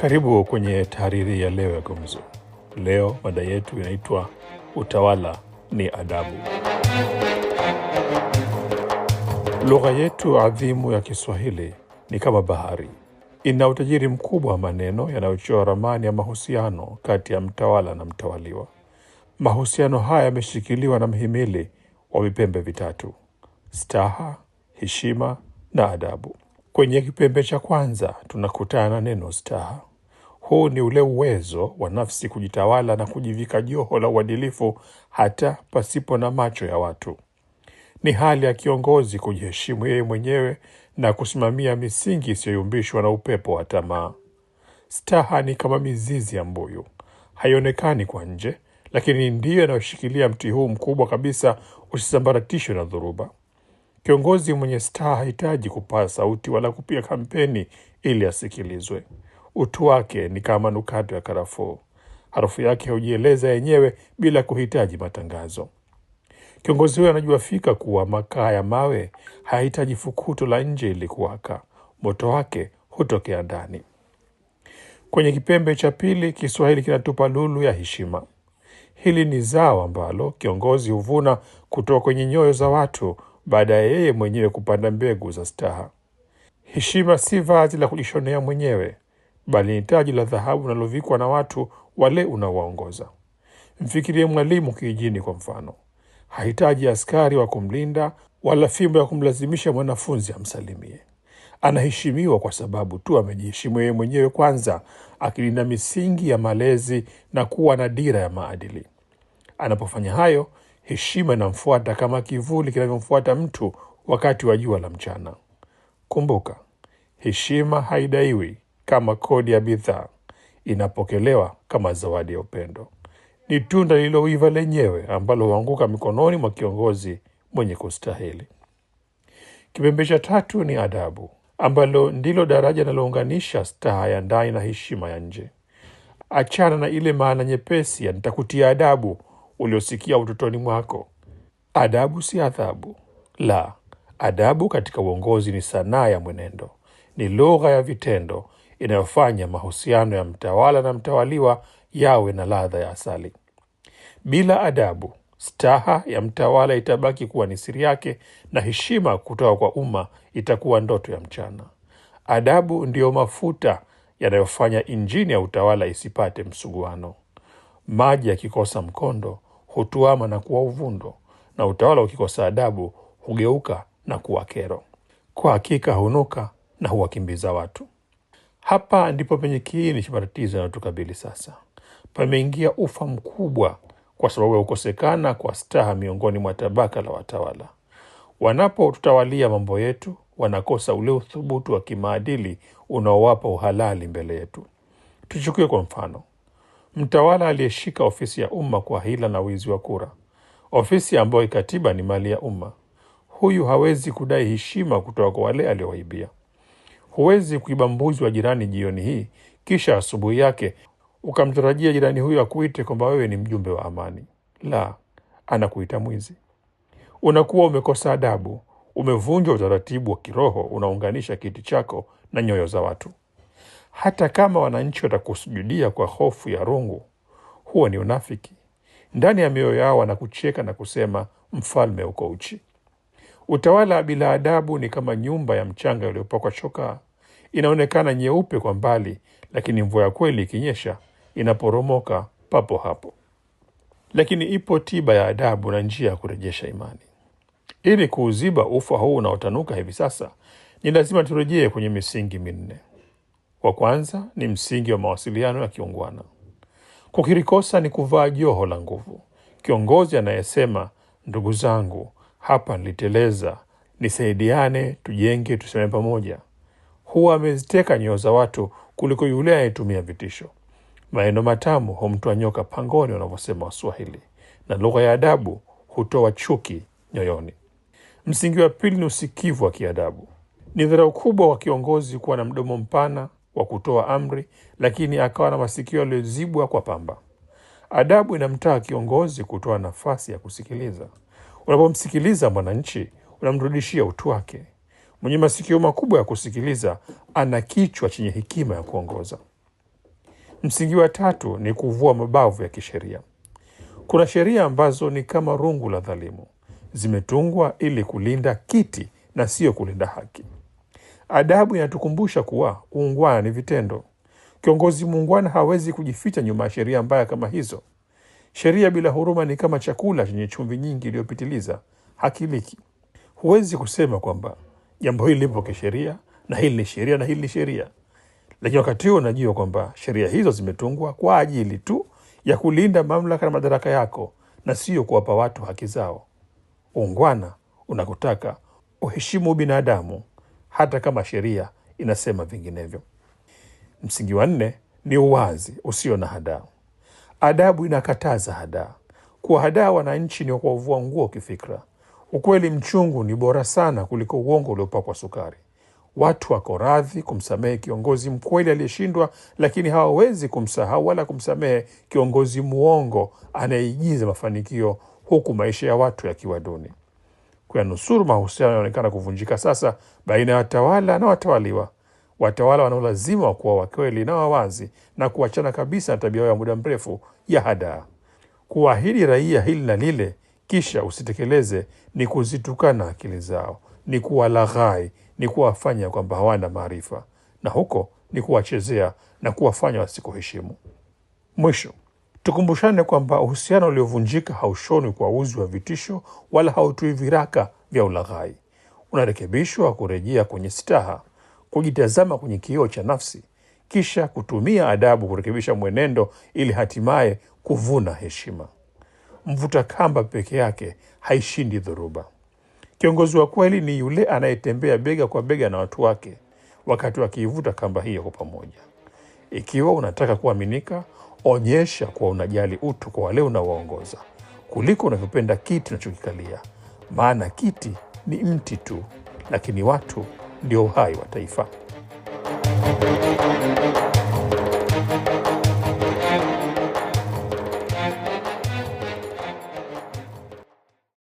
Karibu kwenye tahariri ya leo ya Gumzo. Leo mada yetu inaitwa utawala ni adabu. Lugha yetu adhimu ya Kiswahili ni kama bahari, ina utajiri mkubwa wa maneno yanayochoa ramani ya mahusiano kati ya mtawala na mtawaliwa. Mahusiano haya yameshikiliwa na mhimili wa vipembe vitatu: staha, heshima na adabu. Kwenye kipembe cha kwanza tunakutana na neno staha. Huu ni ule uwezo wa nafsi kujitawala na kujivika joho la uadilifu hata pasipo na macho ya watu. Ni hali ya kiongozi kujiheshimu yeye mwenyewe na kusimamia misingi isiyoyumbishwa na upepo wa tamaa. Staha ni kama mizizi ya mbuyu, haionekani kwa nje, lakini ndiyo inayoshikilia mti huu mkubwa kabisa usisambaratishwe na dhoruba. Kiongozi mwenye staha hahitaji kupaa sauti wala kupiga kampeni ili asikilizwe. Utu wake ni kama nukato ya karafuu, harufu yake hujieleza yenyewe bila kuhitaji matangazo. Kiongozi huyo anajua fika kuwa makaa ya mawe hayahitaji fukuto la nje ili kuwaka, moto wake hutokea ndani. Kwenye kipembe cha pili, Kiswahili kinatupa lulu ya heshima. Hili ni zao ambalo kiongozi huvuna kutoka kwenye nyoyo za watu baada ya yeye mwenyewe kupanda mbegu za staha. Heshima si vazi la kujishonea mwenyewe, bali ni taji la dhahabu linalovikwa na watu wale unaowaongoza. Mfikirie mwalimu kijijini kwa mfano, hahitaji askari wa kumlinda wala fimbo ya kumlazimisha mwanafunzi amsalimie. Anaheshimiwa kwa sababu tu amejiheshimu yeye mwenyewe kwanza, akilinda misingi ya malezi na kuwa na dira ya maadili. Anapofanya hayo, heshima inamfuata kama kivuli kinavyomfuata mtu wakati wa jua la mchana. Kumbuka, heshima haidaiwi, kama kodi ya bidhaa, inapokelewa kama zawadi ya upendo. Ni tunda lililoiva lenyewe ambalo huanguka mikononi mwa kiongozi mwenye kustahili. Kipembe cha tatu ni adabu, ambalo ndilo daraja linalounganisha staha ya ndani na heshima ya nje. Achana na ile maana nyepesi ya nitakutia adabu uliosikia utotoni mwako. Adabu si adhabu, la. Adabu katika uongozi ni sanaa ya mwenendo, ni lugha ya vitendo inayofanya mahusiano ya mtawala na mtawaliwa yawe na ladha ya asali. Bila adabu, staha ya mtawala itabaki kuwa ni siri yake, na heshima kutoka kwa umma itakuwa ndoto ya mchana. Adabu ndiyo mafuta yanayofanya injini ya utawala isipate msuguano. Maji yakikosa mkondo hutuama na kuwa uvundo, na utawala ukikosa adabu hugeuka na kuwa kero. Kwa hakika hunuka na huwakimbiza watu. Hapa ndipo penye kiini cha matatizo yanayotukabili sasa. Pameingia ufa mkubwa kwa sababu ya kukosekana kwa staha miongoni mwa tabaka la watawala. Wanapotutawalia mambo yetu, wanakosa ule uthubutu wa kimaadili unaowapa uhalali mbele yetu. Tuchukue kwa mfano mtawala aliyeshika ofisi ya umma kwa hila na wizi wa kura, ofisi ambayo ikatiba ni mali ya umma. Huyu hawezi kudai heshima kutoka kwa wale aliowaibia. Huwezi kuiba mbuzi wa jirani jioni hii, kisha asubuhi yake ukamtarajia jirani huyo akuite kwamba wewe ni mjumbe wa amani. La, anakuita mwizi. Unakuwa umekosa adabu, umevunjwa utaratibu wa kiroho unaunganisha kiti chako na nyoyo za watu. Hata kama wananchi watakusujudia kwa hofu ya rungu, huo ni unafiki. Ndani ya mioyo yao wanakucheka na kusema mfalme uko uchi. Utawala bila adabu ni kama nyumba ya mchanga iliyopakwa chokaa inaonekana nyeupe kwa mbali, lakini mvua ya kweli ikinyesha inaporomoka papo hapo. Lakini ipo tiba ya adabu na njia ya kurejesha imani. Ili kuuziba ufa huu unaotanuka hivi sasa, ni lazima turejee kwenye misingi minne. Wa kwanza ni msingi wa mawasiliano ya kiungwana. kukirikosa ni kuvaa joho la nguvu. Kiongozi anayesema ndugu zangu, hapa niliteleza, nisaidiane, tujenge, tuseme pamoja, huwa ameziteka nyoyo za watu kuliko yule anayetumia vitisho. Maneno matamu humtoa nyoka pangoni, wanavyosema Waswahili, na lugha ya adabu hutoa chuki nyoyoni. Msingi wa pili ni usikivu wa kiadabu. Ni dharau kubwa wa kiongozi kuwa na mdomo mpana wa kutoa amri, lakini akawa na masikio yaliyozibwa kwa pamba. Adabu inamtaka kiongozi kutoa nafasi ya kusikiliza. Unapomsikiliza mwananchi, unamrudishia utu wake mwenye masikio makubwa ya kusikiliza, ana kichwa chenye hekima ya kuongoza. Msingi wa tatu ni kuvua mabavu ya kisheria. Kuna sheria ambazo ni kama rungu la dhalimu, zimetungwa ili kulinda kiti na sio kulinda haki. Adabu inatukumbusha kuwa uungwana ni vitendo. Kiongozi muungwana hawezi kujificha nyuma ya sheria mbaya kama hizo. Sheria bila huruma ni kama chakula chenye chumvi nyingi iliyopitiliza, hakiliki. Huwezi kusema kwamba jambo hili lipo kisheria na hili ni sheria na hili ni sheria, lakini wakati huo unajua kwamba sheria hizo zimetungwa kwa ajili tu ya kulinda mamlaka na madaraka yako na sio kuwapa watu haki zao. Ungwana unakutaka uheshimu binadamu hata kama sheria inasema vinginevyo. Msingi wa nne ni uwazi usio na hadaa. Adabu inakataza hadaa. hadaa wananchi ni kuwavua nguo kifikra, Ukweli mchungu ni bora sana kuliko uongo uliopakwa sukari. Watu wako radhi kumsamehe kiongozi mkweli aliyeshindwa, lakini hawawezi kumsahau wala kumsamehe kiongozi mwongo anayeigiza mafanikio huku maisha ya watu yakiwa duni. Kuyanusuru mahusiano yanaonekana kuvunjika sasa baina ya watawala na watawaliwa. Watawala wana ulazima wa kuwa wakweli na wawazi na kuachana kabisa na tabia yao ya muda mrefu ya hadaa, kuwaahidi raia hili na lile kisha usitekeleze ni kuzitukana akili zao, ni kuwalaghai, ni kuwafanya kwamba hawana maarifa, na huko ni kuwachezea na kuwafanya wasikuheshimu. Mwisho, tukumbushane kwamba uhusiano uliovunjika haushonwi kwa uzi wa vitisho wala hautui viraka vya ulaghai. Unarekebishwa kurejea kwenye staha, kujitazama kwenye kioo cha nafsi, kisha kutumia adabu kurekebisha mwenendo ili hatimaye kuvuna heshima mvuta kamba peke yake haishindi dhoruba. Kiongozi wa kweli ni yule anayetembea bega kwa bega na watu wake wakati wakiivuta kamba hiyo kwa pamoja. Ikiwa unataka kuaminika, onyesha kuwa unajali utu kwa wale unawaongoza kuliko unavyopenda kiti unachokikalia, maana kiti ni mti tu, lakini watu ndio uhai wa taifa.